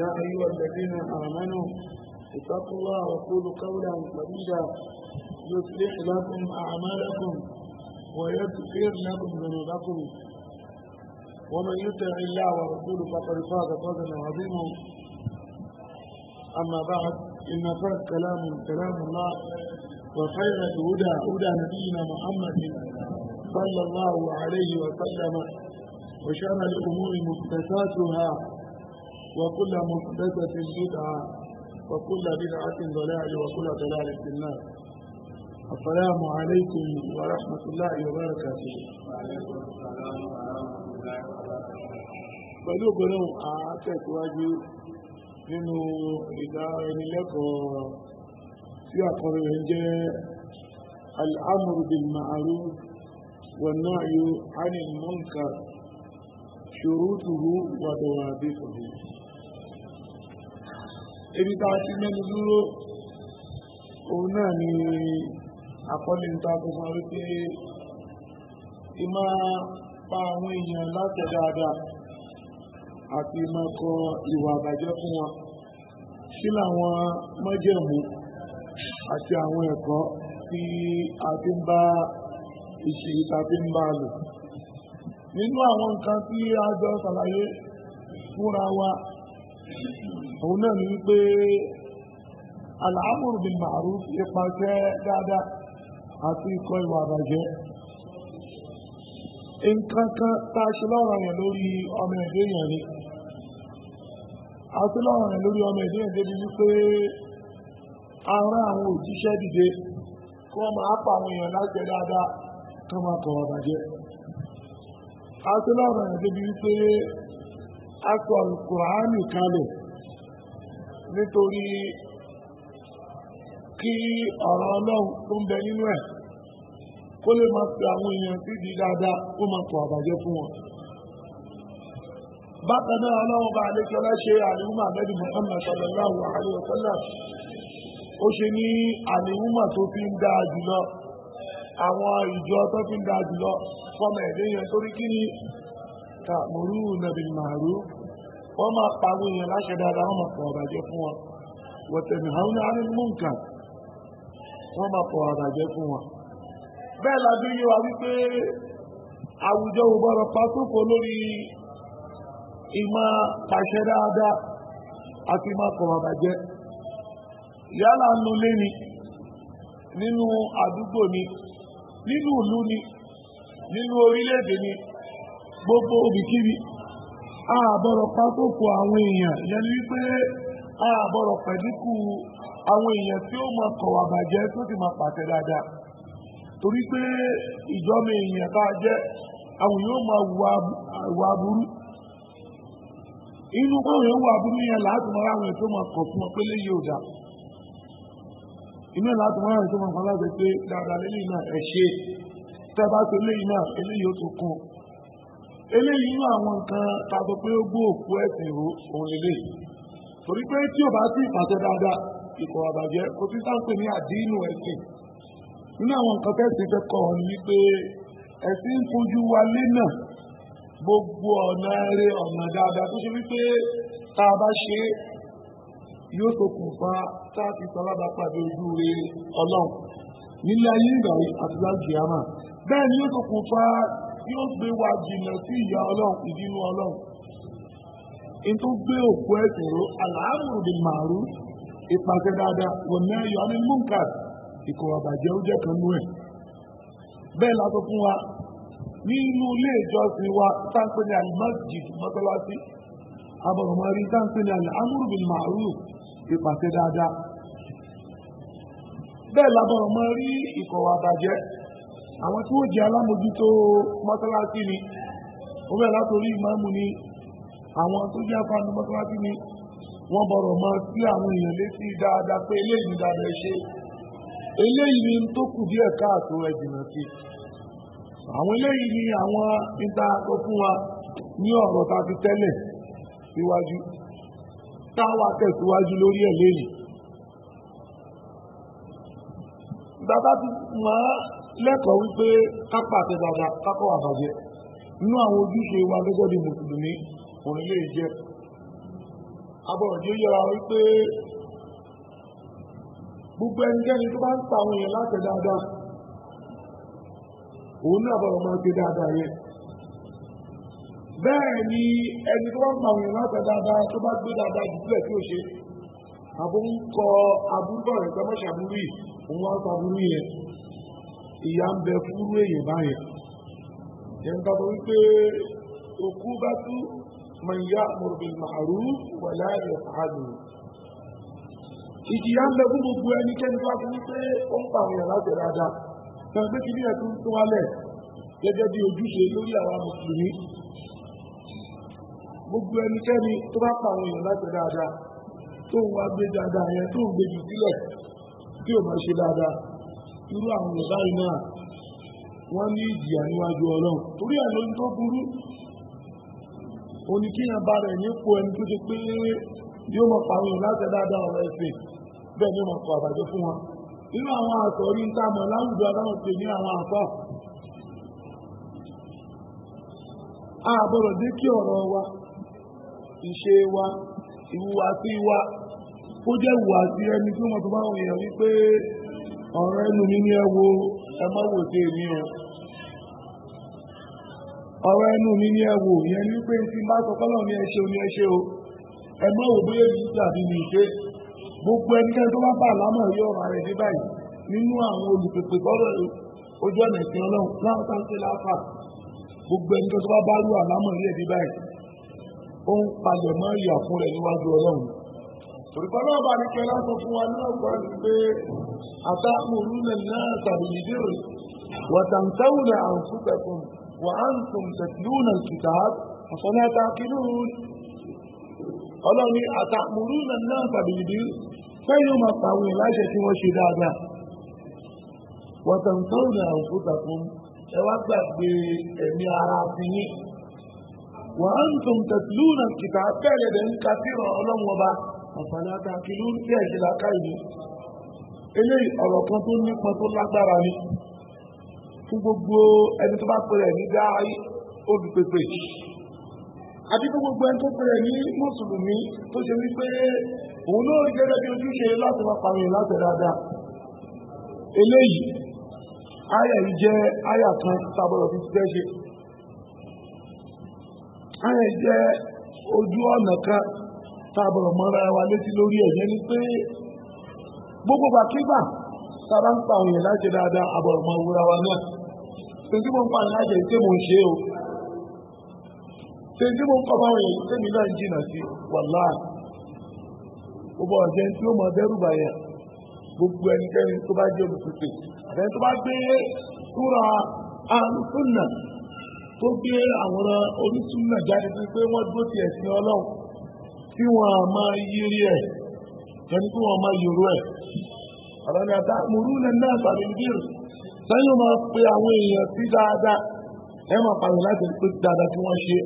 يا أيها الذين آمنوا اتقوا الله وقولوا قولا سديدا يصلح لكم أعمالكم ويغفر لكم ذنوبكم ومن يطع الله ورسوله فقد فاز فوزا عظيما أما بعد إن فات كلام كلام الله وخير الهدى هدى نبينا محمد صلى الله عليه وسلم وشر الأمور محدثاتها وكل محدثة بدعة وكل بدعة ضلالة وكل ضلالة في النار السلام عليكم ورحمة الله وبركاته pẹ̀lú ògbónà àátẹ̀síwájú nínú ìdánilẹ́kọ̀ọ́ tí àkọrin rẹ̀ jẹ́ al'amuru bil ma'ruf wa nahyu 'anil munkar shurutuhu wa dawabiquhu ebi tá a ti mẹ́nu dúró òun náà ni àkọlé níta gbogbo wípé ìmá pa àwọn èèyàn láti dáadáa àti ìmá kọ ìwà àbàjẹ́ fún wọn sí làwọn mọ́jẹ̀mú àti àwọn ẹ̀kọ́ tí a ti ń bá ìṣe ìta ti ń bá lò nínú àwọn nǹkan tí a jọ ṣàlàyé fúnra wa òun náà ni wípé al-amru bil ipa ìpàṣẹ dáadáa àti ikọ̀ ìwà àbàjẹ́ nǹkan kan a lọ́rọ̀ yẹn lórí ọmọ ẹ̀dẹ́ yẹn rí a lọ́rọ̀ yẹn lórí ọmọ ẹ̀dẹ́ yẹn débi wípé ara àwọn òjíṣẹ́ dìde kí wọ́n máa pa àwọn èèyàn dáadáa máa kọ̀ lọ́rọ̀ yẹn débi wípé nítorí kí ọ̀rọ̀ ọlọ́run tó ń bẹ nínú ẹ̀ kó lè máa pe àwọn èèyàn tí di dáadáa kó máa tọ̀ àbàjẹ́ fún wọn. bákan náà ọlọ́run bá adékọ́lá ṣe àlìhùmà abẹ́dì Muhammad sallallahu alaihi wa sallam ó ṣe ní àlìhùmà tó fi ń dáa jùlọ àwọn ìjọ tó fi ń dáa jùlọ fọmọ ẹ̀dẹ́yẹn torí kí ni tàmùrù nàbì wọ́n máa pa àwọn èèyàn láṣẹ dáadáa wọ́n máa pọ̀ ọ̀bàjẹ́ fún wọn wọ̀tẹ̀mí àwọn múǹkà wọ́n máa pọ̀ fún wọn. bẹ́ẹ̀ la wípé àwùjọ ò lórí ìmọ̀ pàṣẹ dáadáa àti ìmọ̀ pọ̀ yálà nínú àdúgbò ni nínú ìlú ni nínú orílẹ̀-èdè ni gbogbo àbọ̀rọ̀ pákókò àwọn èèyàn yẹni wípé àbọ̀rọ̀ pẹ̀lúkù àwọn èèyàn tí ó máa kọ̀wà bàjẹ́ tó sì máa pàṣẹ dáadáa torí pé ìjọba èèyàn tá a jẹ́ àwọn yóò máa wà aburú inú báwọn yóò wà aburú yẹn láti máa ráwọn ètò máa kọ̀ fún ọ ma ò dáa inú láti máa ráwọn ètò máa kọ̀ láti pé dáadáa lélẹ́yìn náà ẹ̀ ṣe tẹ́ bá náà eléyìí ó tún kún un. eléyìí inú àwọn nǹkan tàbí pé ó gbó òkú ẹ̀sìn ìró òun lélẹ̀ torí pé tí ò bá sí ìpàṣẹ dáadáa ikọ̀ àbàjẹ́ o ti sáńpẹ̀ ní àdínú ẹ̀sìn nínú àwọn nǹkan tẹ́sí fẹ́ kọ́ ọ ní pé ẹ̀sìn ń fojú wa lẹ́nà gbogbo ọ̀nà eré ọ̀nà dáadáa tó ṣe wípé tá a bá ṣe yóò ṣokùnfà tá a ti sọlábà pàdé ojú rẹ ọlọ́run nílé ayé ìgbà àti láti àmà bẹ́ẹ̀ ni yóò ṣokùnfà tí ó gbé wa jìnà sí ìyá ọlọ́run ìdínú ọlọ́run ètò gbé òkú ẹ̀sìn ró àlàáfíà di màrú ìpàṣẹ dáadáa wọ̀n náà yọ ní múnkà ìkọ̀ àbàjẹ́ ó jẹ́ kan nú ẹ̀. bẹ́ẹ̀ la sọ fún wa nínú ilé ìjọsìn wa táǹpé ní alimásjid mọ́tọ́lásí abọ̀mọ́rí táǹpé ní àlàáfíà di màrú ìpàṣẹ dáadáa. bẹ́ẹ̀ la bọ̀mọ́ rí ìkọ̀ àwọn tí ó jẹ́ alámójútó mọ́sálásí ni ó bẹ̀rẹ̀ látòrí ìmáàmù ni àwọn tó jẹ́ afáàní mọ́sálásí ni wọ́n bọ̀rọ̀ mọ́ sí àwọn èèyàn létí dáadáa pé eléyìí dáadáa ṣe eléyìí ni tó kù díẹ̀ káàtó ẹ jìnnà sí àwọn eléyìí ni àwọn níta sọ fún wa ní ọ̀rọ̀ ta fi tẹ́lẹ̀ síwájú táwa tẹ̀síwájú lórí ẹ̀ lẹ́yìn. Bàbá ti máa lẹ́kọ̀ọ́ wípé kápá àti dada kápọ̀ àbàjẹ́ nínú àwọn ojúṣe wa gẹ́gẹ́ bí mùsùlùmí òun lè jẹ́ agbọ̀rọ̀dé yọra wípé gbogbo ẹnikẹ́ni tó bá ń pa àwọn èèyàn láti dáadáa òun náà bọ̀rọ̀ máa gbé dáadáa yẹ bẹ́ẹ̀ ni ẹni tó bá ń pa àwọn èèyàn láti dáadáa tó bá gbé dáadáa jù sílẹ̀ tí ó ṣe àbó ń rẹ̀ pẹ́ mọ́ṣàbúrú yìí òun wá ń pa abúrú yẹn ìyá ń bẹ fúrú èyàn báyẹn jẹ́ńtà tó wípé òkú bá tú man ya'muru bil ma'ruf wa la yaf'alu ìjìyà ń bẹ fún gbogbo ẹnikẹ́ni tó wájú wípé ó ń pa àwọn èèyàn láti dáadáa tàn pé kí ní ẹ̀tún tó wálẹ̀ gẹ́gẹ́ bí ojúṣe lórí àwa mùsùlùmí gbogbo ẹnikẹ́ni tó bá pa àwọn èèyàn láti dáadáa tó ń wá gbé dáadáa yẹn tó ń gbé jù sílẹ̀ tí ò máa ṣe dáadáa irú àwọn ìbá iná wọ́n ní ìjìyà níwájú ọlọ́run torí ẹ̀ lóyún tó burú o ní kí yàn bá rẹ̀ nípo ẹni tó ti pé yóò mọ̀ pàwọn èèyàn láti dáadáa ọ̀rọ̀ ẹ̀sìn bẹ́ẹ̀ ni ó mọ̀ kọ àbàjẹ́ fún wọn nínú àwọn àtọ̀rí ń tàmọ̀ láwùjọ aláwọ̀ pè ní àwọn àpá àbọ̀rọ̀ dé kí ọ̀rọ̀ wa ìṣe wa ìwùwàsí wa ó jẹ́ ìwùwàsí ẹni tí wọ́n tó bá wọn wípé ọ̀rọ̀ ẹnu mi ní ẹwo ẹ má wò sí èmi o ọ̀rọ̀ ẹnu mi ní ẹwo yẹn ní pé tí má sọ kọ́lọ̀ ní ẹṣẹ́ ní ẹṣẹ́ o ẹ má wò bóyá èmi tàbí mi ṣe gbogbo ẹnikẹ́ni tó bá bà lámọ̀ yọ ọ̀rọ̀ rẹ̀ ní báyìí nínú àwọn olùpèpè tọ́lọ̀ ojú ọ̀nà ìsìn ọlọ́run láwọn tá láfà gbogbo ẹnikẹ́ni tó bá bá rú àlámọ̀ ilé ní báyìí ó ń palẹ̀ mọ́ ìyà fún rẹ̀ níwájú ọlọ́run torí kọ́lọ́ ọba ní kẹ́lá sọ fún wa ní ọ̀gbọ́n pé أتأمرون الناس بالبر وتنسون أنفسكم وأنتم تتلون الكتاب أفلا تعقلون Ọlọ́run ni أتأمرون الناس بالبر fẹ́yìn máa pàwọn ìláṣẹ tí wọ́n ṣe dáadáa وتنسون أنفسكم ẹ wá gbàgbé ẹ̀mí ara ti yín وأنتم تتلون الكتاب bẹ́ẹ̀ lẹ́dẹ̀ẹ́ ń ka sí تعقلون bí ẹ̀ṣẹ̀ eléyìí ọ̀rọ̀ kan tó nípọn tó lágbára ni fún gbogbo ẹni tó bá pèrè ní dáhàí olùpèpè àti fún gbogbo ẹni tó pèrè ní mùsùlùmí tó ṣe wípé òun náà rí gẹ́gẹ́ bí ojúṣe láti máa pààyàn láti dáadáa eléyìí àyà yìí jẹ́ àyà kan sábọ̀rọ̀ fi ti tẹ́ṣe àyà yìí jẹ́ ojú ọ̀nà kan sábọ̀rọ̀ mọ́ra wa létí lórí ẹ̀yẹ́ ni pé gbogbo gbàkígbà sábà ń pa àwọn èèyàn láṣẹ dáadáa àbọ̀rọ̀ mọ wúra wa náà ṣe tí mo ń pa láṣẹ tí mo ń ṣe o ṣe tí mo ń kọ́ báwọn èèyàn tẹ́mi náà jìnnà sí wàlá gbogbo ọ̀jẹ̀ tí ó mọ dẹ́rù bàyà gbogbo ẹnikẹ́ni tó bá jẹ́ olùpèpè àtẹni tó bá gbé túra alùsùnà tó gbé àwọn onísùnà jáde sí pé wọ́n dúró ti ẹ̀sìn ọlọ́run tí wọ́n máa yiri ẹ̀ tẹ́ni wọ́n máa yòrò ẹ̀ ọ̀rọ̀ ni àtà mòrú nà náà sàbí bírù sẹ́yìn máa pe àwọn èèyàn sí dáadáa ẹ máa pààyàn láti pé dáadáa tí wọ́n ṣe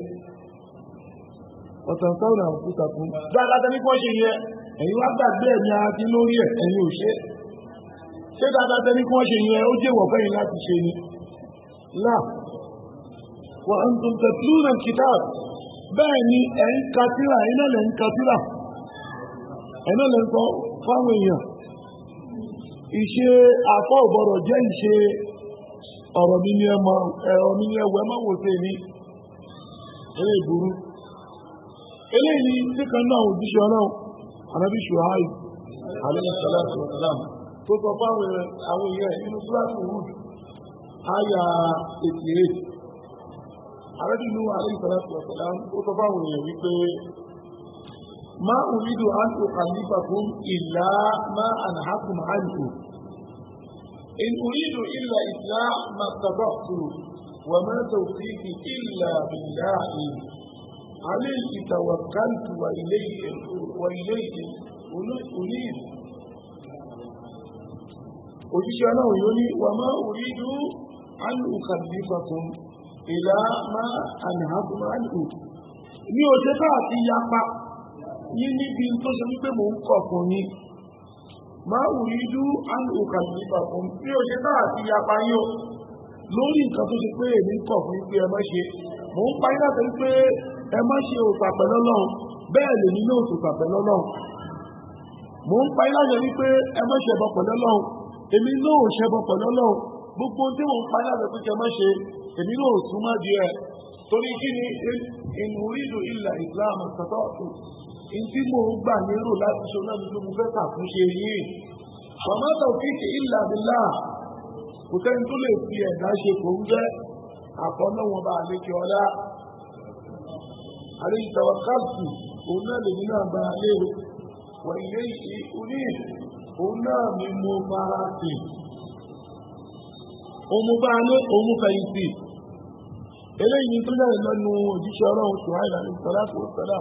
ọ̀tàn sáwọn àwọn òkúta fún dáadáa ní kọ́ ṣe yẹ ẹ̀yin wá gbàgbé ẹ̀mí ara ti lórí ẹ̀ ẹ̀yin ò ṣe ṣé dáadáa ní kọ́ ṣe yẹ ó jẹ́wọ̀ fẹ́yìn láti ṣe ni là wà á ń tún tẹ̀ tún náà kìtà bẹ́ẹ̀ ni ẹ̀ ń ka tíra ẹ̀ náà lẹ̀ ń ka tíra náà lẹ̀ ìṣe afọ ọ̀bọ̀rọ̀ jẹ́ ìṣe ọ̀rọ̀ mi ní ẹwọ ẹmọ́wò tẹ́ eré eléyìí síkan náà òjíṣẹ́ ọlọ́run ṣùháì tó sọ fáwọn àwọn inú wood àyà 88 tó sọ fáwọn wípé ما أريد أن أخلفكم إلا ما أنهاكم عنه إن أريد إلا إصلاح ما استطعت وما توفيقي إلا بالله عليه توكلت وإليه وإليه أريد òjíṣẹ́ náà yóò ní wà máa orídú alùkàlífàkún ìlà máa ànàhàkùn àìkù ní òṣèpá àti yapa yín níbi tó ṣe wípé mò ń kọ̀ fún yín máa wù yí dú àlùkà nípa fún bí ó ṣe náà ti yapa yín o lórí nǹkan tó ṣe pé èmi kọ̀ fún pé ẹ má ṣe mò ń parí láti pé ẹ má ṣe òòtà pẹ̀lú ọlọ́run bẹ́ẹ̀ lè nílò òòtà pẹ̀lú mò ń parí láti wípé ẹ má ṣẹbọ pẹ̀lú ọlọ́run èmi náà ṣẹbọ pẹ̀lú ọlọ́run gbogbo tí mò ń parí láti pé ẹ má ṣe èmi náà súnmọ́ di ẹ torí kí ni ìmúrídù ilà ìsìlámù tọ́tọ́ ntí mò ń gbà lérò láti sọ náà nítorí mo fẹ́ tàkúnṣe yìí màmá tàwùkìkì ìlà nílà kò sẹ́ni tó lè fi ẹ̀dá ṣe kò ń jẹ́ àfọ́nà wọn bá àlejò ọ̀dá àlejò tàwọn káàtì òun náà lèmi náà bá a lérò wọ̀ ilé ìṣe oní òun náà ni mo fara sí òun bá a lé òun fẹ̀yìntì eléyìí tó jáde lọ́nu òjíṣẹ́ ọlọ́run ṣùgbọ́n àìlànà ìsọ̀rọ̀ àti òṣèlú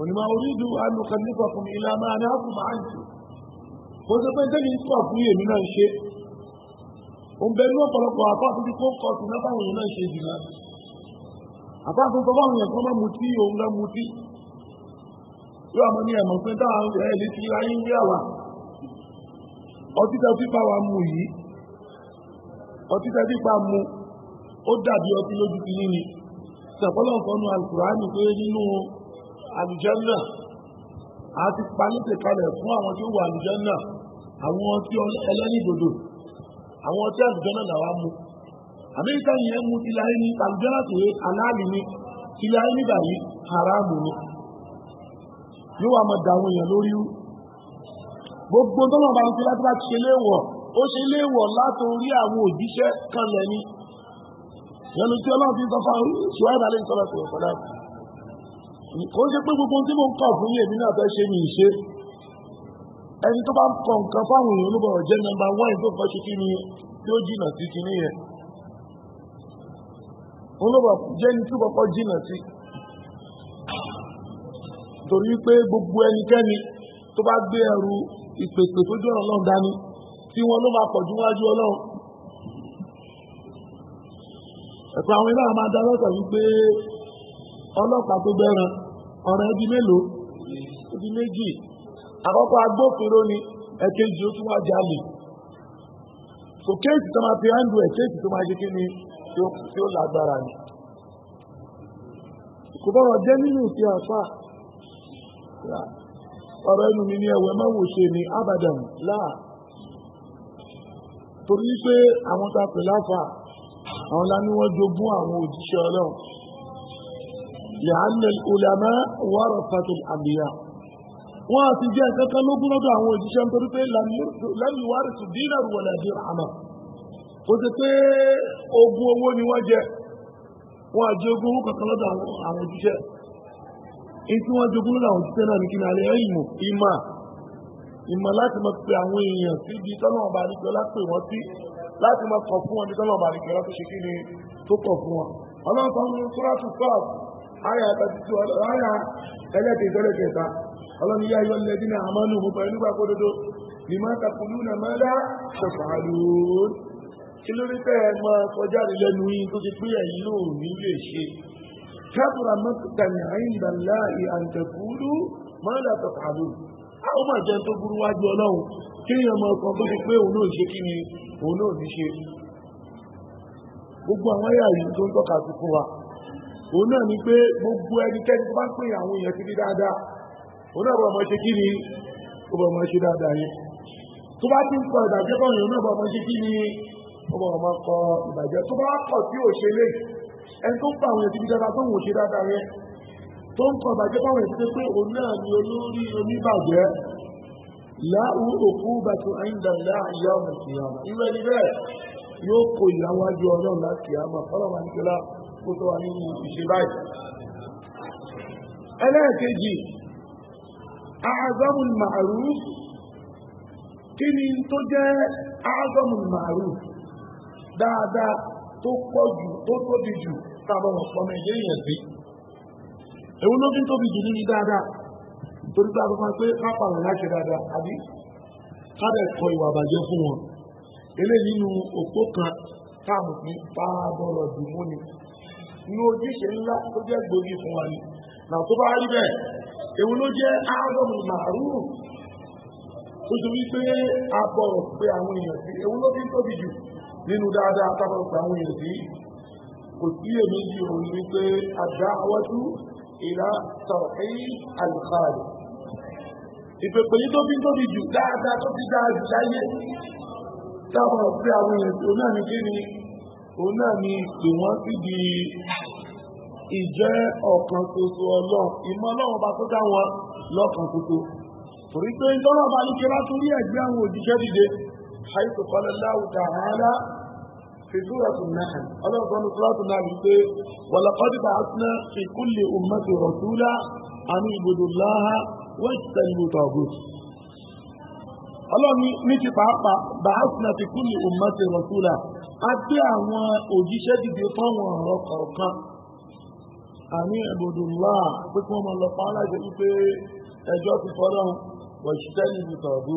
onímọ̀ orídu alùkànnífà fún mi ìlànà aláàbò máa ń tù kó tó pé tẹ́lẹ̀ ìtọ́ fún èmi náà ṣe òun bẹ ní ọ̀pọ̀lọpọ̀ àpáàtún tí kò kọ́ sí náà báwọn èèyàn náà ṣe jù náà àpáàtún tó báwọn èèyàn kan máa mutí òun náà mutí yóò àmọ́ ní ẹ̀mọ́ pé táwọn ẹ̀ lè fi ayé ń rí àwà ọtí tẹ́ fífa wa mu yìí ọtí tẹ́ fífa mu ó dàbí ọtí lójú ti yín ni ṣàpọ́lọ̀ nǹkan nu àlùkùránì pé nínú àlùjànnà a ti palẹ́tẹ̀ kalẹ̀ fún àwọn tí ó wà àlùjànnà àwọn tí ẹlẹ́nìdòdò àwọn tí àlùjànnà làwa mú amẹ́ríkà yẹn mú ìlàyé ní àlùjànnà tó yẹ aláàlì ní ìlàyé nígbà yìí haramu ni yóò wà mọ̀ dàwọn èèyàn lórí rú gbogbo tó náà bá ń fi láti bá ti ṣe léèwọ̀ ó ṣe léèwọ̀ látòrí àwọn òjíṣẹ́ kan lẹ́ni yẹnu tí ọlọ́run fi sọ fún àwọn ìṣòwò ìbálẹ̀ ìṣọ́lá kò ṣe pé gbogbo tí mo ń kọ̀ fún yìí èmi náà fẹ́ ṣe ní ìṣe ẹni tó bá ń kọ nǹkan fáwọn èèyàn ló bọ̀rọ̀ jẹ́ nọ́mbà wọ́n tó kọ́ ṣe kí ni tí ó jìnà sí kinní yẹn olóbọ̀ jẹ́ ní tí kọ́kọ́ jìnà sí torí pé gbogbo ẹnikẹ́ni tó bá gbé ẹrù ìpèsè tó jọ̀rọ̀ náà dání tí wọn ló máa pọ̀ jù wájú ọlọ́run ẹ̀pọ̀ àwọn ilé àwọn máa dá lọ́sọ̀ wípé ọlọ́pàá tó bẹ́ran ọ̀rọ̀ ẹbí mélòó ẹbí méjì àkọ́kọ́ agbófinró ni ẹ̀kejì ó tún wá jalè so kéèsì tó máa fi hàndù ẹ̀ kéèsì tó máa ṣe kí ni tí ó lágbára ni kò bọ́rọ̀ jẹ́ nínú ti àfà ọ̀rọ̀ ẹnu mi ní ẹ̀wẹ̀ máa wò ṣe ni abadan láà torí pé àwọn tá a pè láfà àwọn lá ní wọ́n jogún àwọn òjíṣẹ́ ọlọ́run لأن العلماء ورثة الأنبياء wọ́n àti jẹ́ ìkankan lógún lọ́dọ̀ àwọn òjíṣẹ́ nítorí pé lẹ́yìn wárí sí dínàrù wọ̀lẹ̀ àjẹ́ àmà ó ti pé ogun owó ni wọ́n jẹ wọ́n àjẹ́ ogun owó kankan lọ́dọ̀ àwọn òjíṣẹ́ èyí tí wọ́n jogún lọ́dọ̀ àwọn òjíṣẹ́ náà ní kí ni alẹ́ ìmọ̀ ìmọ̀ ìmọ̀ láti máa pe àwọn èèyàn sí ibi tọ́lọ̀ ọba àdìgbẹ́ lápè wọ́n sí láti máa kọ̀ fún wọn ibi tọ́lọ̀ ọba àdìgbẹ́ haya àtàtútù àyà ẹlẹ́kẹ̀ẹ́sẹ́lẹ́kẹ̀ẹ́ta ọlọ́ni yá yọ lẹ́dínà àmánú mo pẹ̀lú gbàgbódodo ni máa takùlú na máa dá ṣọ̀fàlùún kí lórí pé ẹ máa kọjá rí lẹ́nu yín tó ti pé ẹ̀yìn náà ní lè ṣe kábùrà mọ́tòkànyà àyìnbàlá ìhàǹtẹ̀kùlú máa dá ṣọ̀fàlùún àwọn máa tó burú wájú ọlọ́run kí ni ọmọ tó ti pé òun náà ṣe kí ni òun náà ní ṣe gbogbo àwọn tó ń tọ́ka òun náà ni pé gbogbo ẹnikẹ́ni tó bá pè àwọn èèyàn ti rí dáadáa òun náà bọ̀ mọ́ ṣe kí ni ó bọ̀ mọ́ ṣe dáadáa yẹn tó bá ti ń kọ ìbàjẹ́ bọ̀ yẹn òun náà bọ̀ mọ́ ṣe kí ni ó bọ̀ mọ́ kọ ìbàjẹ́ tó bá kọ̀ tí ò ṣe lè ẹni tó ń pa àwọn èèyàn ti rí dáadáa tó ń wò ṣe dáadáa yẹn tó ń kọ ìbàjẹ́ bọ̀ yẹn ti pé òun náà ni olórí kó tó wà nínú ìṣe báyìí. ẹlẹ́ẹ̀kejì àádọ́mù màrú kí ni tó jẹ́ àádọ́mù màrú dáadáa tó pọ̀ jù tó tóbi jù tábọ̀ ọ̀pọ̀mọ̀ ẹ̀yẹ́ yẹn sí èwo ló fi tóbi jù nínú dáadáa torí pé àtọ́fà pé pápá wọn láṣẹ dáadáa àbí kádẹ̀ kọ ìwà àbàjẹ́ fún wọn eléyìí nínú òpó kan táàmù pín bá bọ́rọ̀ dùn mú ní ojúṣe ńlá tó jẹ́ gbòógì fún wa ni nà tó bá rí bẹ́ẹ̀ èwo ló jẹ́ áádọ́mù màrúù tó ṣe wípé a bọ̀rọ̀ pé àwọn èèyàn sí èwo ló fi ń tóbi jù nínú dáadáa tábọ̀ pé àwọn èèyàn sí kò sí èmi yìí òun ni pé àdá awọ́dú ìlà tọ̀fẹ́ àlùkàlù ìpèpè yìí tó fi ń tóbi jù dáadáa tó fi dáa jù láyé tábọ̀ pé àwọn èèyàn sí òun náà ní kí ni òun náà ni pè wọ́n sí di ìjẹ́ ọ̀kan ṣoṣo ọlọ́run ìmọ̀ ọlọ́run bá tó dá wọn lọ́kan ṣoṣo torí pé ìjọba bá ní kíra tó rí ẹgbẹ́ àwọn òjíṣẹ́ dìde àìsàn kọlẹ̀ láwùjọ àárá fìdúrọ̀tù náà ọlọ́run tó ní fúlọ́tù náà ní pé wọ̀lọ́kọ́dì bá a a gbé àwọn òjíṣẹ́ dìde fáwọn ọ̀rọ̀ kọ̀ọ̀kan àní ẹ̀bùdùnlá pé kí wọ́n máa lọ pa aláṣẹ wípé ẹjọ́ ti fọ́lọ́run wọ̀ ìṣiṣẹ́ níbi tọ̀ọ̀bù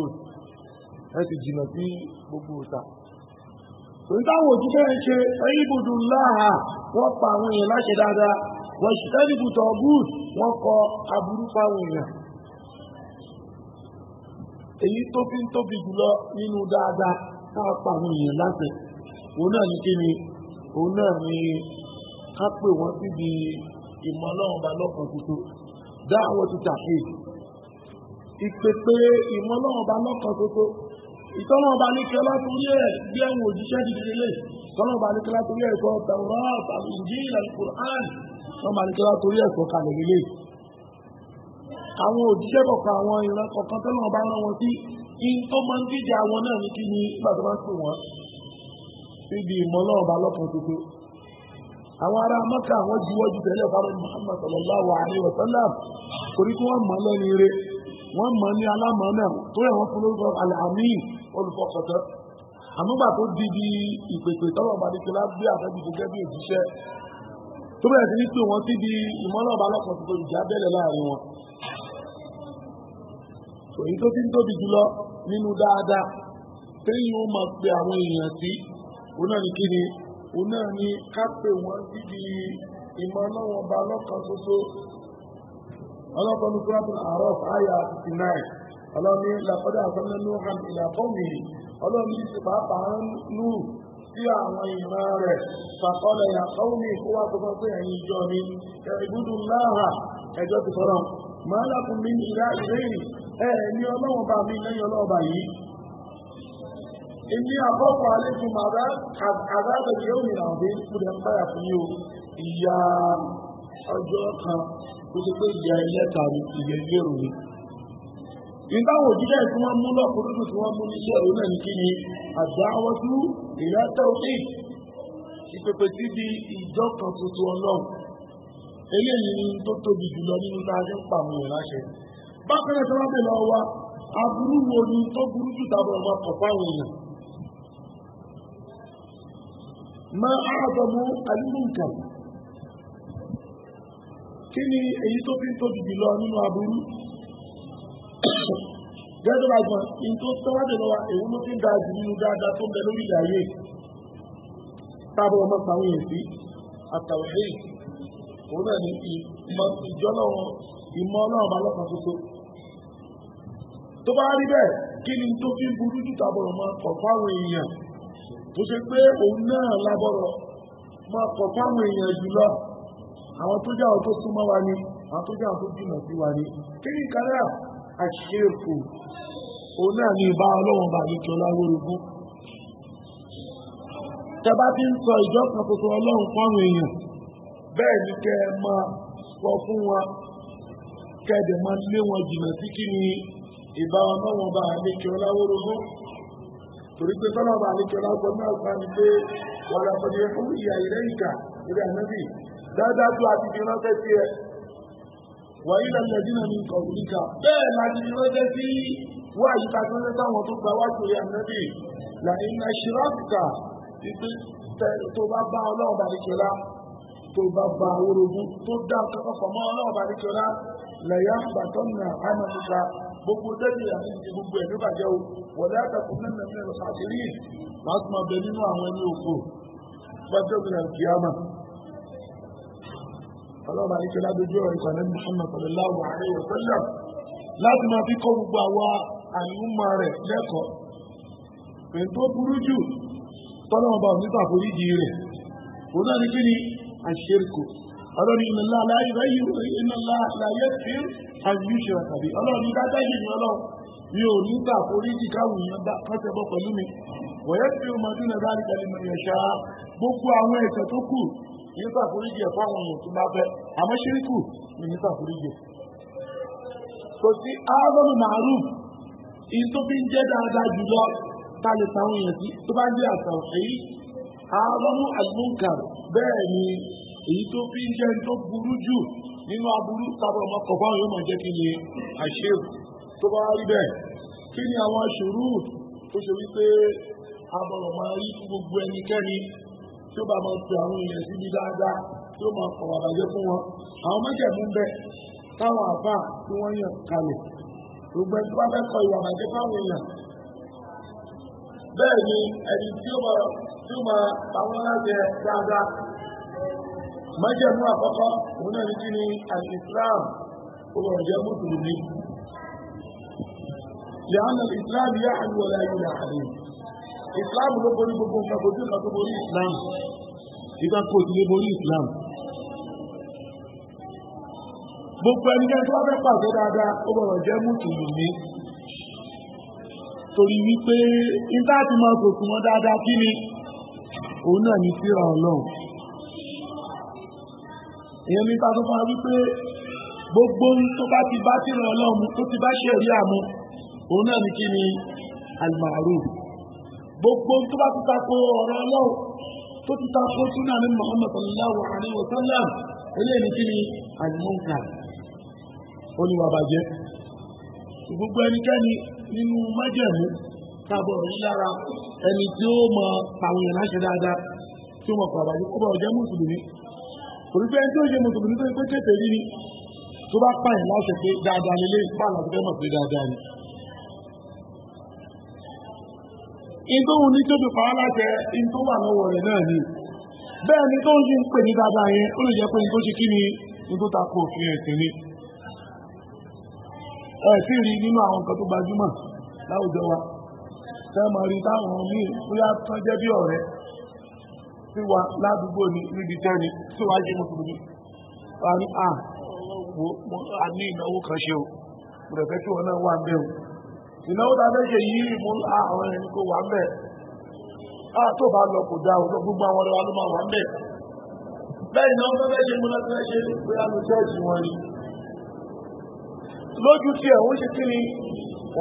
ẹ ti jìnà sí gbogbo ìta ìtàwọn òjíṣẹ́ ń ṣe ẹ̀yìnbùdùnlá wọ́n pa àwọn èèyàn láṣẹ dáadáa wọ̀ ìṣiṣẹ́ níbi tọ̀ọ̀bù wọ́n kọ aburú fáwọn èèyàn èyí tó fi ń tóbi jùlọ nínú dáadáa ká pa àwọn èèyàn láṣẹ òun náà ní kíni òun náà ní ká pè wọ́n síbi ìmọ̀ ọlọ́run bá lọ́kàn tuntun dáhùn ti tàfé ìpèpè ìmọ̀ ọlọ́run bá lọ́kàn tuntun ìtọ́nà ọba níkẹ́ látúrí ẹ̀ bí ẹ̀wọ̀n òjíṣẹ́ dídílé tọ́nà ọba níkẹ́ látúrí ẹ̀kọ́ quran tọ́nà ọba níkẹ́ látúrí ẹ̀kọ́ kalẹ̀ lílé àwọn òjíṣẹ́ náà ní kí ni ìgbà tó pè wọ́n níbi ìmọ̀ náà bá lọ́kàn tuntun. àwọn ará mọ́kà wọ́n juwọ́jú tẹ̀lé ọ̀bá rẹ̀ Muhammad sallallahu alayhi wa torí kí wọ́n mọ̀ lẹ́ni ire wọ́n mọ̀ ní alámọ̀ tó yẹ wọ́n fún lórúkọ alàmì olùfọkọ̀tọ́. àmúgbà tó di di ìpèpè tọ́lọ̀ bá dikẹ́ lábẹ́ àtẹ́bí bí òjíṣẹ́ tó bẹ̀rẹ̀ sí ní pé wọ́n ti di ìmọ̀ lọ́kàn tuntun ìjà láàrin wọn. èyí òun náà ní kí ni òun náà ní ká pè wọ́n síbi ìmọ̀ ọlọ́wọ́ ọba lọ́kan ṣoṣo ọlọ́kan ní sọ́dún àárọ̀ àyà 59 ọlọ́ni làkọ́dá àfẹ́lẹ́ ní ọ̀hán ìlàkọ́mì ọlọ́ni ti pàápàá ń sí àwọn ìran rẹ̀ fàkọ́lẹ̀ ìyàkọ́mì kó wá tó fọ́n ẹ̀yin ìjọ ẹjọ́ ti fọ́rọ̀ máa lákùnmí ìlà ìlẹ́yìn ní ọlọ́wọ́ èmi àbọ̀kọ̀ àlejò màdá àdáàbẹ̀bẹ̀ yóò mìíràn àbí ìpínlẹ̀ fáyà fún yóò ìyá ọjọ́ kan kó tó pé ìyá ẹlẹ́ta ni ìyá ìlérò ni. ìbáwò jíjẹ́ tí wọ́n mú lọ́kùnrin tí wọ́n mú níṣẹ́ òun náà ní kí ni àdáwọ́dú ìrẹ́tẹ̀ òfin ìpèpè sí di ìjọ kan tuntun ọlọ́run eléyìí ni tó tóbi jùlọ nínú tá a ti ń pa àwọn èèyàn láṣẹ. bákan náà tí wọ́n bè lọ wa aburú wo ni tó burú jù tábọ̀ ọmọ kọ̀ fáwọn èèyàn ma àádọ́mú alímúǹkà kini ni èyí tó fi ń tóbi jùlọ nínú aburú gẹ́gẹ́ bá gbọ́n in tó tọ́wádé lọ́wọ́ èyí ló fi ń dáa jù nínú dáadáa tó ń bẹ lórí ìdáyé tábọ̀ ọmọ pàwọn èèyàn sí àtàwọ̀ṣe òun náà ní ìjọ́lọ́ ìmọ̀ ọlọ́run bá lọ́kàn tuntun tó bá rí bẹ́ẹ̀ kí ni tó fi ń burú jù tábọ̀ ọmọ kọ̀ fáwọn èèyàn tó ṣe pé òun náà lábọ́rọ̀ máa pọ̀ fáwọn èèyàn jùlọ àwọn tó jáwọ́ tó súnmọ́ wa ni àwọn tó jáwọ́ tó jìnà sí wa ni kí ni kárà àṣẹ́kù òun náà ni ìbá ọlọ́run bá ní jọlá lórogún tẹ́bá ti ń sọ ìjọkan tuntun ọlọ́run fáwọn èèyàn bẹ́ẹ̀ ni kẹ́ ẹ máa sọ fún wọn kẹ́ ẹ dẹ̀ máa lé wọn jìnà sí kí ni ìbá ọlọ́run bá ní jọlá lórogún torí pé tọ́lá ọba àlejòlá ọgbọ́n náà fà ní pé wọ́n lọ fọdí fún ìyá ilẹ̀ ìkà lórí ànábì dáadáa tó àti fi ránṣẹ́ sí ẹ wà ilẹ̀ lẹ́dínà ní nǹkan òmìnira bẹ́ẹ̀ láti fi ránṣẹ́ sí wọ́n àyíká tó ń lẹ́tà wọn tó gba wá sórí ànábì làyín náà ṣíláàkà tó bá bá ọlọ́ọ̀bà àlejòlá tó bá bá orogún tó dá ọkọ̀ mọ́ ọlọ́ọ̀bà àlejòlá lẹ̀yà àgbàtọ́ gbogbo tẹ́lẹ̀ àti ìdí gbogbo ẹ̀ ló bàjẹ́ o wọ̀lẹ́ àtàkùn nínú ẹ̀mí ẹ̀rọ ṣàṣírí wàá tún máa bẹ nínú àwọn ẹni òkú fẹ́jọ́ ìrìn àkíyàmà ọlọ́run àyíkẹ́ ládójú ọ̀rọ̀ ìsàlẹ̀ Muhammad sallallahu alaihi wa sallam láti máa fi kọ́ gbogbo àwa àyùmọ̀ rẹ̀ lẹ́kọ̀ọ́ pẹ̀lú tó burú jù tọ́lọ́wọ́n bá àìyúṣe àtàbí ọlọ́run dájá yìí ni ọlọ́run mi ò ní gbà foríjì káwọn èèyàn bá kọ́tẹ̀ bọ́ pẹ̀lú mi wọ̀nyẹ́ tí o máa dúnà dárí tẹ̀lé mi yẹn ṣá gbogbo àwọn ẹ̀ṣẹ̀ tó kù nípa foríjì ẹ̀ fáwọn èèyàn tó bá fẹ́ àmọ́ ṣe kù nípa foríjì ẹ̀. kò sí áágọ́nù màálù in tó fi ń jẹ́ dáadáa jùlọ ta lè táwọn èèyàn sí tó bá ń jẹ́ àṣà èyí áágọ́nù àlùmọ́ǹkà bẹ́ẹ̀ ni èyí tó fi ń jẹ́ tó burú jù nínú aburú tábọ̀ ọmọ kọ̀ọ̀bá yóò máa jẹ́ kí ni àṣírí tó bá rí bẹ́ẹ̀ kí ni àwọn aṣòrú tó ṣe wípé abọ̀rọ̀ máa rí fún gbogbo ẹnikẹ́ni tí ó bá máa pe àwọn èèyàn síbi dáadáa tí ó máa kọ̀wà bàjẹ́ fún wọn àwọn mẹ́jẹ̀mú ń bẹ táwọn àbá tí wọ́n yàn kalẹ̀ gbogbo ẹni tó bá fẹ́ kọ ìwà bàjẹ́ fáwọn èèyàn bẹ́ẹ̀ ni ẹni tí ó máa àwọn aláṣẹ dáadáa májẹ̀mú àkọ́kọ́ òun náà ní kí ni al-Islam òun ọ̀jẹ́ mùsùlùmí lẹ́hànà islam yá àánú ọ̀la ìlú àárín islam ló borí gbogbo nǹkan kò sí nǹkan tó borí islam ìgbà kò sí lè borí islam gbogbo ẹnikẹ́ni tó wá fẹ́ pàṣẹ dáadáa ó gbọ́dọ̀ jẹ́ mùsùlùmí torí wípé nígbà tí máa kò sí wọn dáadáa kí ni òun náà ní síra ọlọ́run èèyàn mi ta tó fún wa wípé gbogbo tó bá ti bá tìrọ ọlọ́run tó ti bá ṣe rí àmú òun náà ní kí ni alimaru gbogbo tó bá ti tako ọ̀rọ̀ ọlọ́run tó ti tako súnà ní Muhammad sallallahu alayhi wa sallam eléyìí ní kí ni alimunka oníwàbàjẹ́ gbogbo ẹnikẹ́ni nínú májẹ̀mú tábọ̀ rí ẹni tí ó mọ àwọn èèyàn láṣẹ dáadáa tí ó mọ pàbàjẹ́ kó bọ̀ jẹ́ mùsùlùmí torí pé ẹni tó ṣe mùsùlùmí tó ń pé tètè rí ni tó bá pààyàn láṣẹ pé dáadáa lélẹ́ ìpààlà tó mọ̀ pé dáadáa ni. ìdóhun ní tó ti pa á láṣẹ ìdó rẹ̀ náà ni bẹ́ẹ̀ ni tó ń ṣe ń pè ní dáadáa yẹn ó lè jẹ́ pé ìdó ṣe kí ni ìdó ta kò fi ẹ̀sìn ni. ẹ sì rí nínú àwọn nǹkan tó gbajúmọ̀ láwùjọ wa tẹ́ mọ̀ rí táwọn míì bóyá tán jẹ́ bí ọ̀rẹ́ sí wa ládùúgbò ni níbi tẹ́ ni tí wàá ṣe mùsùlùmí wà ní à mo a ní ìnáwó kan ṣe o mo rẹ̀ fẹ́ náà wà ń bẹ̀ o ìnáwó tá ṣe yìí mo àwọn ẹni kó wà ń bẹ̀ á tó bá lọ kò dáa òjò gbogbo àwọn ọ̀rẹ́ ló máa wà ń bẹ̀ bẹ́ẹ̀ ìnáwó tó fẹ́ ṣe mo náà fẹ́ ṣe pé a ṣẹ́ẹ̀sì wọn ni lójú tí ẹ̀ ń ṣe kí ni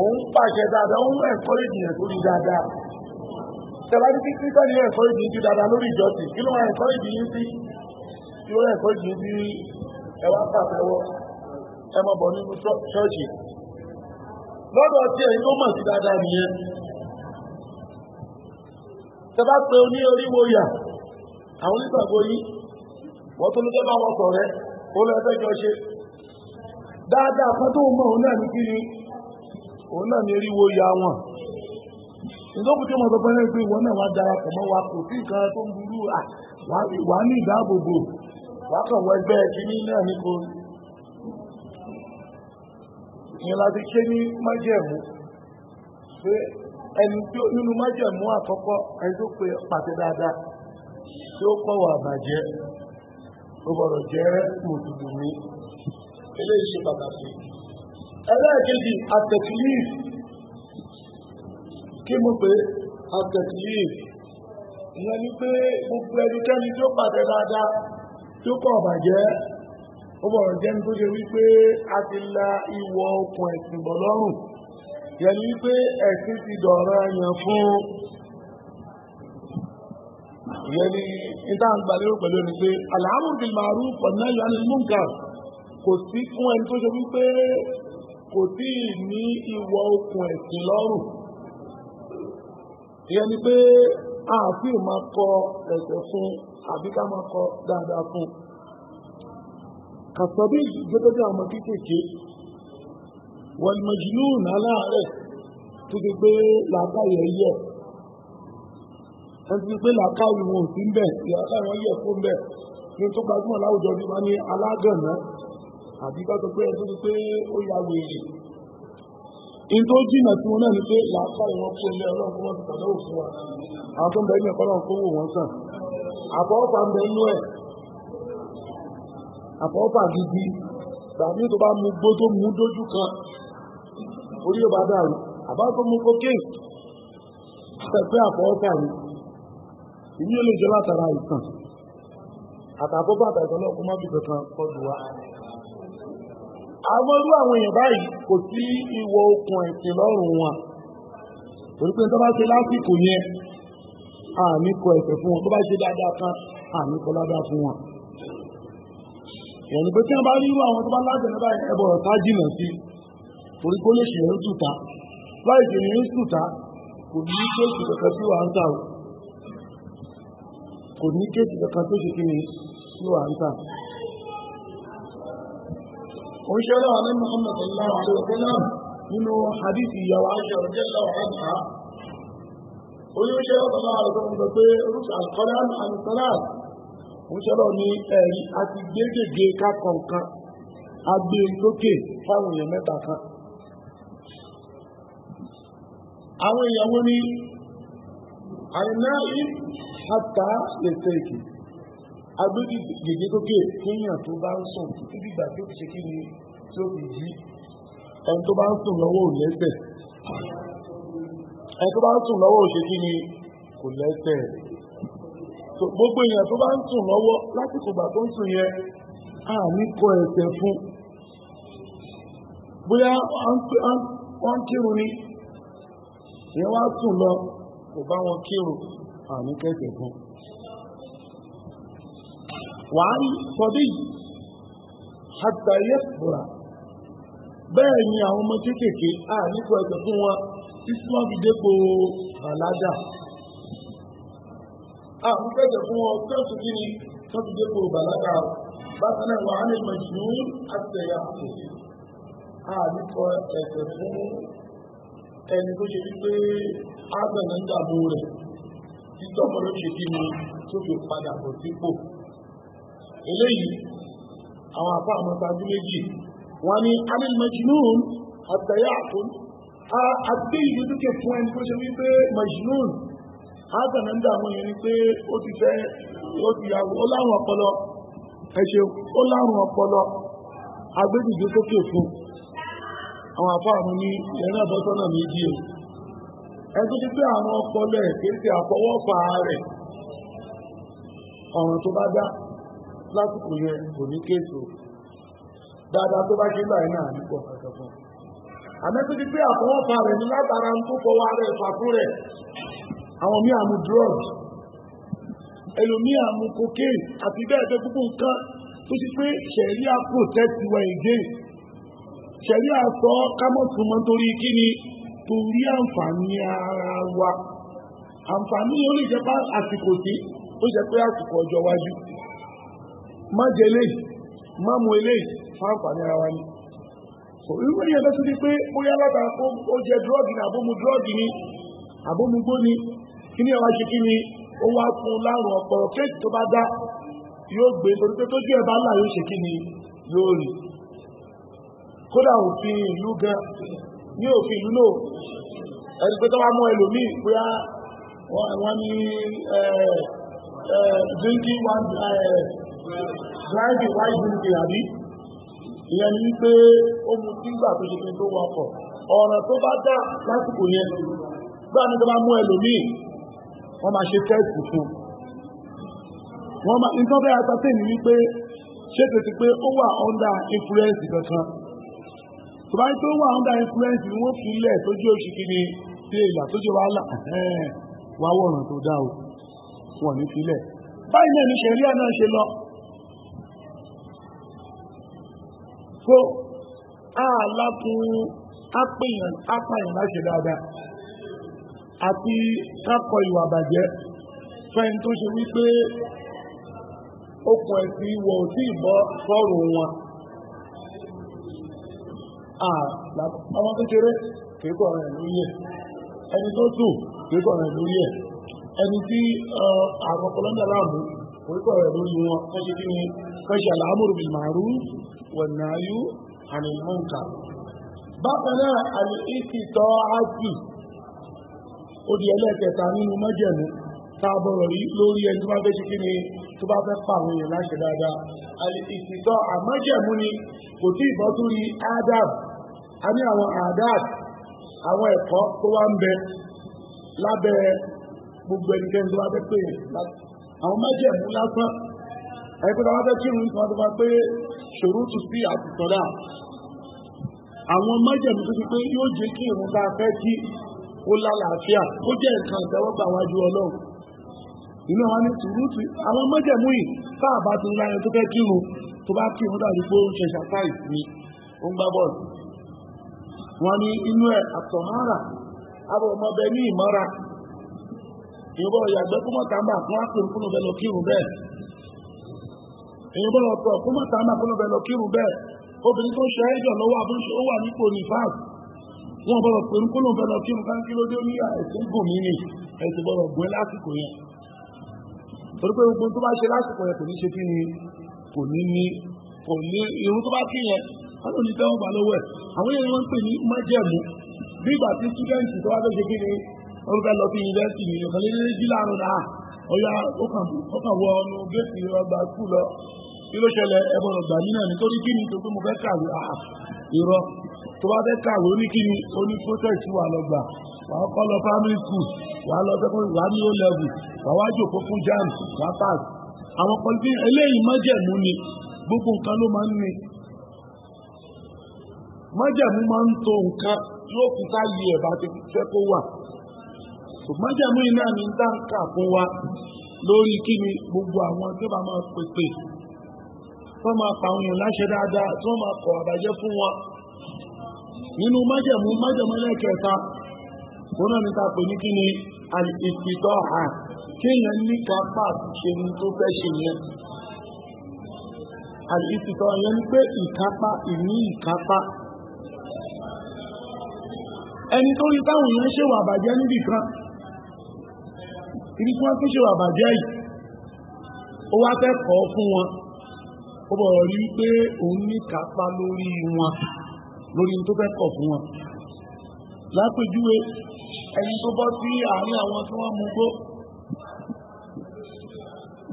òun pàṣẹ dáadáa òun ẹ̀kọ́rẹ́jì yẹn tó di dáadáa tẹ̀lá ní kí kíkọ́ ni ẹ̀kọ́rẹ́jì yìí dáadáa lórí ìjọsìn kí ló máa ẹ̀kọ́rẹ́jì yìí sí tí ó rẹ̀ jù bí ẹwà pàtẹ́wọ́ ẹmọ bọ̀ nínú ṣọ́ọ̀ṣì lọ́dọ̀ ẹ̀yìn tó mọ̀ sí dáadáa nìyẹn tẹ́bá pé o ní oríwo yà àwọn onígbàgbọ́ yìí wọ́n tó lókẹ́ mọ̀ òun náà ní kiri òun náà ní yà wọn ìdókùn tí mo sọ ìwọ náà wá darapọ̀ mọ́ wa kò wákànwọ ẹgbẹ́ kìíní náà ní kò ìyẹn láti ké ní májẹ̀mú pé ẹni tí ó nínú májẹ̀mú àkọ́kọ́ ẹni tó pe pàṣẹ dáadáa tí ó kọ̀wọ̀ àbàjẹ́ ó gbọ́dọ̀ jẹ́ mùsùlùmí eléyìí ṣe pàtàkì ẹlẹ́ẹ̀kejì àtẹ̀kìlíf kí mo pé àtẹ̀kìlíf ìyẹn ni pé gbogbo ẹnikẹ́ni tó pàṣẹ dáadáa tí ó kọ̀ bàjẹ́ ó bọ̀rọ̀ jẹ́ tó ṣe wípé a ti la ìwọ̀ okùn ẹ̀sìn bọ̀ lọ́rùn yẹni wípé ẹ̀sìn ti dọ̀rọ̀ yàn fún yẹni ìtàǹgbàlérò pẹ̀lú ni pé al-amru bil-ma'ruf wan-nahyu anil kò sí fún ẹni tó ṣe wípé kò tí ì ní ìwọ̀ okùn ẹ̀sìn lọ́rùn yẹni pé ààfin máa kọ ẹ̀sẹ̀ fún àbí ká máa kọ dáadáa fún kàtàbí gẹ́gẹ́ bí àwọn kéékèèké wọ́n majnun aláàárẹ̀ tó ti gbé làákàyè yẹ̀ ẹni pé làákàyè wọn ò sí mbẹ̀ làákàyè wọn yẹ̀ fún mbẹ̀ ní tó gbajúmọ̀ láwùjọ bí wọ́n ní alágànná àbí ká tó pé ẹni tó ti pé ó ya wèrè in tó jìnà tí wọn náà ni pé làákàyè wọn kú omi ọlọ́run fún wọn ti tàbí òfin wa àwọn tó ń bẹ ní ẹ̀kọ́ náà kó wò sàn àfọwọ́fà ń bẹ nú ẹ̀ àfọwọ́fà gidi tàbí tó bá mu gbó tó mú dójú kan orí yóò bá dàrú àbá tó mú kókè pẹ̀pẹ́ àfọwọ́fà ni ìní ó lè jẹ́ látara ìtàn àtàkókò àtàkùn náà kó má fi àwọn irú àwọn èèyàn báyìí kò sí ìwọ okùn ẹ̀sìn lọ́rùn wọn torí tó bá ṣe lásìkò yẹn àmì kọ ẹ̀ṣẹ̀ fún wọn tó bá ṣe dáadáa kan àmì kọ ládàá fún wọn. ẹ̀yìn pé tí wọ́n bá rí irú àwọn tó bá láti ẹ̀rọ báyìí ẹ̀bọ̀ ọ̀tá jìnà sí torí kó lè ṣèyàn sùtà láì ṣe ní sùtà kò ní kéèsì kankan tí wà ń tà o kò ní kéèsì kankan tó ṣe kí ni tí wà ń tà. ó ṣe ọlọ́wà ní Muhammad sallallahu alaihi wa sallam nínú hadith ìyàwó aṣọ ọ̀jẹ́ oníṣẹ́ ọ̀sán àlùfẹ́ sọ pé orúkọ àkọlá àmì sọ́lá òṣèlú ní ẹ̀rí àti gbégègé kákan kan agbé lókè fáwọn èèyàn mẹ́ta kan àwọn ìyàwó ní àìnáì àtà lẹ́tẹ̀ẹ̀kì agbégègé lókè kéèyàn tó bá ń sùn títí dìgbà tó ti ṣe kí ni tí ó fi jí ẹni tó bá ń sùn lọ́wọ́ ò lẹ́sẹ̀ ẹ tó bá ń sùn lọ́wọ́ òṣè kí ni kò lẹ́sẹ̀ gbogbo èèyàn tó bá ń sùn lọ́wọ́ lásìkò ìgbà tó ń sùn yẹn a ní kọ ẹsẹ̀ fún bóyá wọ́n kírun ni ìyẹn wá sùn lọ kò bá wọn kírun a ní kẹsẹ̀ fún wàá sọdí àtàyẹ̀fura bẹ́ẹ̀ ni àwọn ọmọ kéékèèké a ní kọ ẹsẹ̀ fún wọn. Islam dépò bàlágà. Àwọn kẹ́jẹ̀ fún ọ tẹ́sù kí ni tọ́jú dépò bàlágà bákan náà wà á lè mọ̀ jù ú àtẹ̀yà àti. Àdìkọ ẹ̀sẹ̀ fún ẹni tó ṣe wípé ágbẹ̀nà ń dàbò rẹ̀ títọ́mọ ló ṣe kí ni tó fi padà bọ̀ sípò. Eléyìí, àwọn àpá àmọ́ta méjì, wọ́n ní Alil Majnun àtẹ̀yà àtúntò a àgbé ìlú tó kẹ fún ẹni tó ṣe wípé majnun àgbànàndà àwọn èèyàn ni pé ó ti fẹ́ ó ti yàwó ó láwọn ọpọlọ ẹ̀ṣẹ̀ ó láwọn ọpọlọ agbẹ́dìgbé tó kẹ fún àwọn àfáàmù ní ẹ̀rìn àbọ́sọ́nà méjì o ẹ̀tún ti pé àwọn ọpọlọ ẹ̀ kéèké àfọwọ́fà rẹ̀ ọ̀ràn tó bá dá lásìkò yẹn kò ní kéèso dáadáa tó bá ṣe báyìí náà nípò kankan fún un àmẹ́tò ti pé àfọwọ́fà rẹ̀ ní látara ń tó fọwọ́ rẹ̀ fà fún rẹ̀ àwọn míì àmú drug ẹlòmíì àmú cocaine àti bẹ́ẹ̀ bẹ́ẹ̀ gbogbo nǹkan tó ti pé ṣẹ̀ríà protect wa èdè ṣẹ̀ríà sọ kámọ́tùmọ́ torí kí ni torí àǹfààní ara wa àǹfààní yóò lè jẹ́ pé àsìkò sí ó jẹ́ pé àsìkò ọjọ́ wájú má jẹ eléyìí má mu eléyìí fún àǹfààní ara wa ni irú èèyàn bẹ́ẹ̀ tó pé bóyá látara kó ó jẹ ni àbómu dúrọ́ọ̀gì ni àbómu gbó ni kí ni ẹ̀ wá ṣe kí ni ó wá fún un láàrùn ọpọlọ kéèkì tó bá dá yóò gbé e torí pé tójú ẹ̀ bá là yóò ṣe kí ni yóò rì kódà òfin ìlú gan ní òfin ìlú náà ẹni pé tó wá mọ ẹlòmíì bóyá wọ́n ní drinking one driving while drinking àbí ìyẹn ni pé ó mu dígbà tó ṣe pin tó wakọ̀ ọ̀rọ̀ tó bá dá lásìkò yẹn gbá ní bá mú ẹlòmíì wọ́n máa ṣe tẹ́ẹ̀sì fún wọ́n máa nǹkan bẹ́ẹ̀ àtàtẹ́ ní wípé ṣé tètè pé ó wà under influence kankan tó bá ń tó wà under influence ni wọ́n fìlẹ̀ tó jẹ́ oṣù kìíní sí ìlà tó jẹ́ wàhálà wà wọ̀ràn tó dá o wọ̀ ní fìlẹ̀ báyìí náà ní ṣẹ̀ríà náà ṣe lọ so alákun apèyàn apàyàn láṣẹ dáadáa àti kákọ ìwà bàjẹ́ fẹ́ni tó ṣe wípé okùn ẹ̀sìn ìwọ̀ ò ìbọ́ sọ́rọ̀ wọn ọmọ kékeré kéèkọ̀ rẹ̀ lórí ẹ̀ ẹni tó tù kéèkọ̀ rẹ̀ lórí ẹ̀ ẹni tí àwọn ọpọlọ́ndà láàmú kéèkọ̀ والنهي عن المنكر بقنا الاستطاعة odi ẹlẹ́ẹ̀kẹta nínú mọ́jẹ̀mú táàbọ̀rọ̀ yìí lórí ẹni tó bá fẹ́ ṣe kí ni tó bá fẹ́ pa àwọn èèyàn láṣẹ dáadáa ìsìtọ́ àmọ́jẹ̀mú ni kò tí ìbọ́ tó rí adab a ní àwọn adab àwọn ẹ̀kọ́ tó wá ń bẹ lábẹ́ gbogbo ẹnikẹ́ni tó bá fẹ́ pè àwọn mọ́jẹ̀mú lásán ẹ̀kọ́ tó bá fẹ́ kírun ṣòrótù sí àtìsọ́dá àwọn májẹ̀mú tó ti pé yóò jẹ́ kí ìrun bá fẹ́ kí ó lálàáfíà ó jẹ́ nǹkan àtẹ́wọ́gbà a ọlọ́run inú àwọn ní ṣòrótù àwọn májẹ̀mú yìí táà bá ti láyé tó fẹ́ kírun tó bá kírun dàbí pé ó ń ni ó ń gbá bọ́ọ̀lù wọn ní inú ẹ̀ àtọ̀hárà abọ̀ ọmọbẹ ní ìmọ́ra ìbọ̀ ìyàgbẹ́ kúmọ̀tàmbà fún fún ọbẹ̀ lọ bẹ́ẹ̀ èyí bọ́lọ̀ tọ̀ fún mọ̀ta máa fún ọbẹ̀ lọ kírun bẹ́ẹ̀ obìnrin tó ṣe ẹjọ́ lọ́wọ́ abúrúṣe ó wà nípò nífàs wọn bọ́lọ̀ pẹ̀lú kó lóun fẹ́ lọ kírun ká kí ló dé ní ẹ̀sìn gùn mí ni ẹ̀sìn bọ́lọ̀ gbé lásìkò yẹn torí pé gbogbo tó bá ṣe lásìkò yẹn kò ní ṣe kí ni kò ní ní kò ní irun tó bá kí yẹn wọn ò ní tẹ́wọ́n gbà lọ́wọ́ ẹ̀ àwọn yẹn wọ́n pè ní májẹ̀mú bí ìgbà tí túdẹ́ǹtì tó wá fẹ́ ṣe kí ni wọ́n fẹ́ lọ sí yunifásitì nìyẹn kan lé ní jí láàrún náà ọ̀yà ó kàn wọ ọ̀nù géètì ọgbà skul lọ kí ló ṣẹlẹ̀ ẹ̀bọ̀n ọ̀gbà mí náà nítorí kí ni torí mo fẹ́ kàwé àà ah, ah. irọ́ tó bá fẹ́ kàwé ó ní kí ni ó ní protest wà lọ́gbà wà á kọ́ lọ primary school wà á lọ secondary wà á ní o level wà á wá jòkó jam wà á pass àwọn politician eléyìí májẹ̀mú ni gbogbo nǹkan ló máa ń ní májẹ̀mú máa ń to nǹkan yóò fi sáyé ẹ̀ bá ti fẹ́ kó wà májẹ̀mú iná ni ń dá fún wa lórí kí ni gbogbo àwọn tó bá máa pèpè tó máa pa àwọn èèyàn láṣẹ dáadáa tó máa kọ̀ àbàjẹ́ fún wọn nínú májẹ̀mú májẹ̀mú lẹ́kẹ̀ẹ́ta kóná ní ta pè ní kí ni ìfìtọ́ ha kéèyàn ní kápá ṣe ní tó fẹ́ ṣe yẹn àìsìtọ́ yẹn ni pé ìkápá ìní ìkápá ẹni tó rí táwọn èèyàn ṣèwà àbàjẹ́ níbì kan ibi tí wọ́n tún ṣèwà àbàjẹ́ yìí ó wá fẹ́ kọ́ fún wọn ó bọ̀ rí pé òun ní kápá lórí wọn lórí tó fẹ́ kọ̀ fún wọn lápèjúwe ẹni tó bọ́ sí àárín àwọn tí wọ́n mú gbó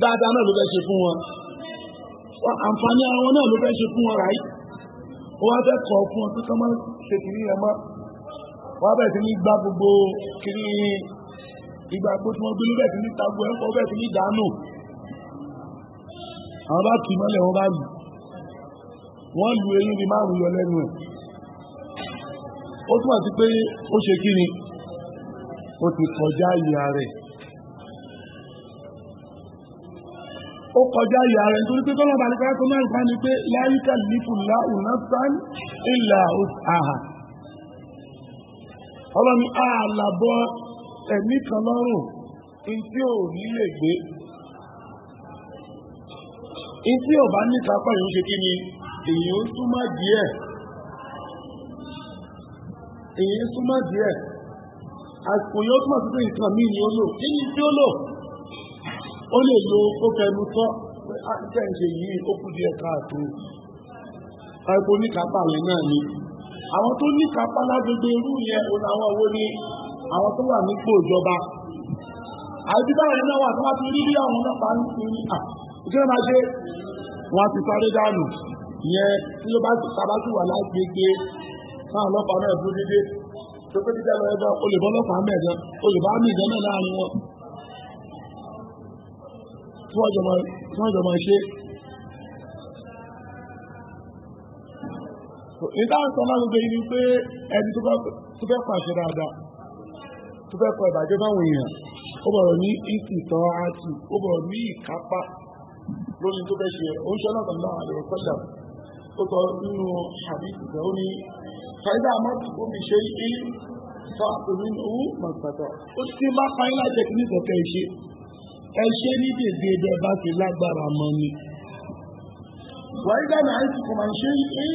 dáadáa náà ló fẹ́ ṣe fún wọn àǹfààní àwọn náà ló fẹ́ ṣe fún wọn ráì ó wá fẹ́ kọ̀ fún wọn tó kọ́ máa ṣe kìíní ẹ̀ mọ́ wọ́n bẹ̀rẹ̀ sí ní gbá gbogbo kìíní ìgbàgbó tí wọ́n gbé níbẹ̀ sí ní tagbó ẹ̀kọ́ bẹ̀rẹ̀ sí ní dànù àwọn bá kì í mọ́lẹ̀ wọn báyìí wọ́n lu eyín ní márùn yọ lẹ́nu ẹ̀ ó túmọ̀ sí pé ó ṣe kí ni ó ti kọjá ìyá rẹ̀ ó kọjá ìyá rẹ̀ nítorí pé tọ́lá balẹ̀ tó máa ń pa ni pé láyíká lífùlá ùnásán ìlà àhà ọlọ́ni àlàbọ̀ ẹ̀mí kan lọ́rùn tí ó ní lè gbé isi ọba ní kápá yóò ṣe ni eyi ó súnmọ́ díẹ̀ èyí ó súnmọ́ díẹ̀ àsìkò yóò túnmọ̀ sí pé ni ó ni ọ lo ó fẹnu tọ́ pé áṣẹ́ ìṣe yìí ó kù díẹ̀ káàtó ẹ̀kọ́ níkápá yẹn náà ni àwọn lágbègbè irú yẹn òun àwọn ni àwọn tó wà nípò ìjọba àìbíbáyé náà wà tó wá ti rí àwọn ń wọ́n ti sáré dànù yẹn tí ló bá sábà sì wà lágbègbè náà ọlọ́pàá náà dúró dédé tó pé dídá lọ́yẹ́ bá olùbọ́ ọlọ́pàá mẹ́ẹ̀dán olùbá mi ìdáná láàrin wọn tí wọ́n jọ máa ṣe. ìdá àtọ́ náà gbogbo yìí ni pé ẹni tó fẹ́ pàṣẹ dáadáa tó fẹ́ kọ ìbàjẹ́ báwọn èèyàn ó bọ̀rọ̀ ní ìsìtọ́ àti ó bọ̀rọ̀ ní ìkápá lórí tó bẹ́ ṣe oúnjẹ ọlọ́gbọ̀n àlèrò pẹ́lẹ̀ ó sọ nínú hadith ìgbà ó ní fàídà amọ́tì ó fi ṣe é sọ àpòmí owó mọ̀gbàtọ̀ ó ti bá parí láti ẹ̀kí nígbà kẹ́ ṣe ẹ ṣe ní dèdè ẹgbẹ́ bá ti lágbára mọ́ ni wàídà náà ti kò máa ṣe é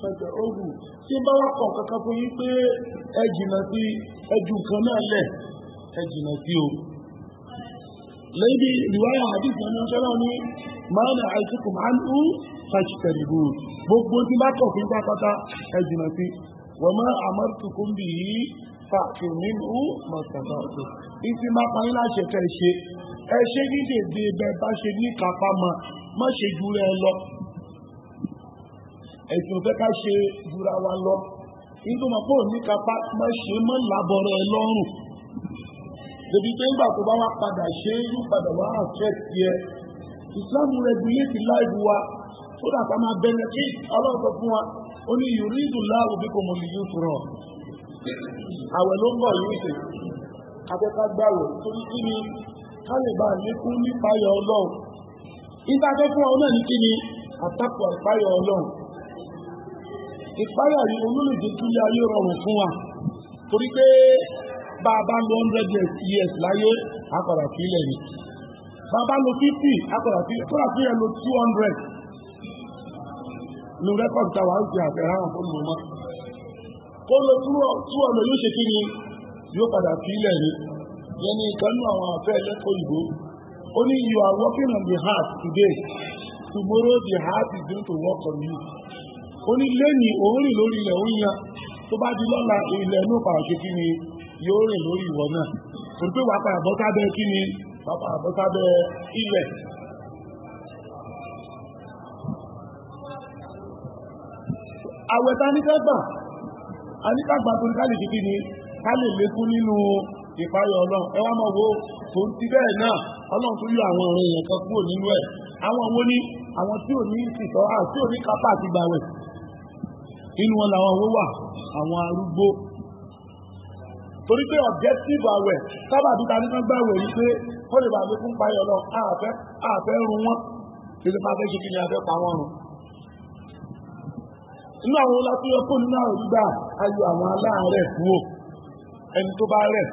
fẹ̀tẹ̀ ogun tí bá wà kọ̀ kankan fún yín pé ẹ jìnà sí ẹjù kan náà lẹ̀ ẹ jìnà sí o lẹ́yìn ìwáyà àdìsí ẹni ọ̀ṣẹ́ náà ní máa nà àìsíkù máa ń ú fàṣìtẹ̀rìbù gbogbo tí bá kọ̀ fún pápátá ẹ sí wọ́n máa àmọ́tùkún bì í fàṣù nínú mọ̀tàbà ọ̀tọ̀ máa pa yín láṣẹ kẹ́ ṣe ẹ ṣe ní dèdè bẹ bá ṣe ní kápá mọ má ṣe ju rẹ lọ ẹ̀sìn òfẹ́ ká ṣe jura wa lọ nítorí wọn kò ní kápá má ṣe má làbọ̀ rẹ lọ́rùn débi pé ńgbà tó bá wá padà ṣe é yóò padà wá àfẹ́ tiẹ̀ islam regulate life wa so that a máa benefit ọlọ́ọ̀sọ fún wa ó ní yuridu láàrú bí kò mọ̀ lè yí fúnra àwẹ̀ ló ń bọ̀ yìí ṣe akẹ́kọ̀ọ́ gbàwẹ̀ torí kí ni ká lè bá lékún nípa ayọ̀ ọlọ́run nígbà tó fún ọ náà ní kí ni àtakò àpáyọ̀ ọlọ́run ìpáyà yìí olólùdí tún lé ayé rọrùn fún wa torí pé bá a bá lọ hundred years láyé àpàdà sílẹ̀ ni bàbá lo fifty akọ̀dà sí kọ́dà sí ẹ̀ lo two hundred lo rẹ́kọ̀dì tàwa ń ti àfẹ́ hàn fún mọ́mọ́ kó lo two hundred yóò ṣe kí ni yóò padà sí ilẹ̀ ni yẹn ni ìkànnì àwọn àfẹ́ ẹlẹ́kọ̀ọ́ ìbò ó ní you are working on the heart today tomorrow the heart is going to work on you ó ní lẹ́yìn òun rìn lórí ilẹ̀ òun yan tó bá di lọ́la ilẹ̀ inú pàṣẹ kí ni yóò rìn lórí ìwọ náà torí pé wàá padà bọ́ sábẹ́ kí ni pápá àbọ́sábẹ́ ilẹ̀ àwẹ̀ta nígbàgbà àníkàgbà tó ní ká lè ṣe kí ni ká lè lékún nínú ìpayọ̀ ọlọ́run ẹ wá máa wo tó ń ti bẹ́ẹ̀ náà ọlọ́run tó yọ àwọn ọ̀rọ̀ èèyàn kan kúrò nínú ẹ̀ àwọn wo ni àwọn tí ò ní ìsìtọ́ àti ò ní kápá àti gbàwẹ̀ nínú wọn làwọn owó wà àwọn arúgbó torí pé objective àwẹ̀ sábàbí ta ní kan gbàwẹ̀ pé kó lè bàbá fún payọ̀ lọ àfẹ́ àfẹ́ run wọn títí bá fẹ́ ṣe kí ni àfẹ́ pa wọn run. inú àwọn olùlàkúyọ kó nínú àwọn ìgbà ayọ̀ àwọn aláàárẹ̀ kúrò ẹni tó bá rẹ̀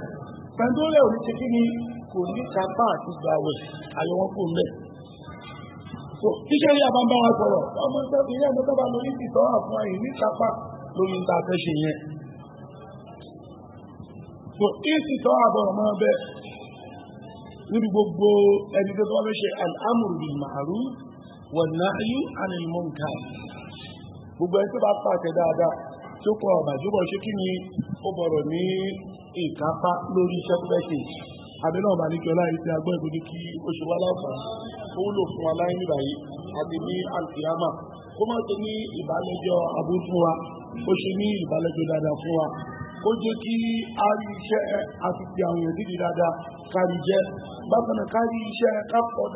pẹ̀ntórẹ̀ ò ní ṣe kí ni kò ní kápá àti gbàwẹ̀ ayọ̀ wọn kò mẹ́. kíkẹ́ rí àbámbá wa sọ̀rọ̀ ọmọ ìṣẹ́ ìyá ìjọba lórí ìtọ́ àfún àyè ní kápá lórí ìta fẹ́ ṣe yẹn. ìsìtọ́ àbọ̀rọ̀ máa bẹ́ẹ̀ lórí gbogbo ẹni tó tọ́ fẹ́ ṣe al'amuru bil ma'ruf wan nahyu 'anil munkar gbogbo ẹni tó bá pàtẹ dáadáa tó kọ ọ̀bàjúbọ̀ ṣé kí ni ó bọ̀rọ̀ ní ìkápá lórí iṣẹ́ tó bẹ́ẹ̀ àbí náà bá ní kí ọlá ìpín agbọ́ ó jẹ́ kí a rí iṣẹ́ àfìkì àwọn èèyàn dídì dáadáa kárí jẹ́ bákan náà kárí iṣẹ́ kápọ̀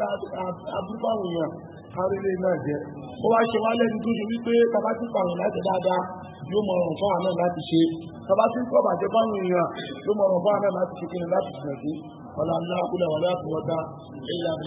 àbúrúbá àwọn èèyàn kárí lè náà jẹ́ ó wá ṣe wá lẹ́nu tó ṣe wípé bàbá tí pàwọn láti dáadáa yóò mọ̀ ọ̀rọ̀ fún àná láti ṣe bàbá tí pọ̀ bàjẹ́ báwọn èèyàn yóò mọ̀ ọ̀rọ̀ fún àná láti ṣe kí ni láti ṣe ọ̀la ńlá kúlẹ̀ wọlé àtúwọ́dá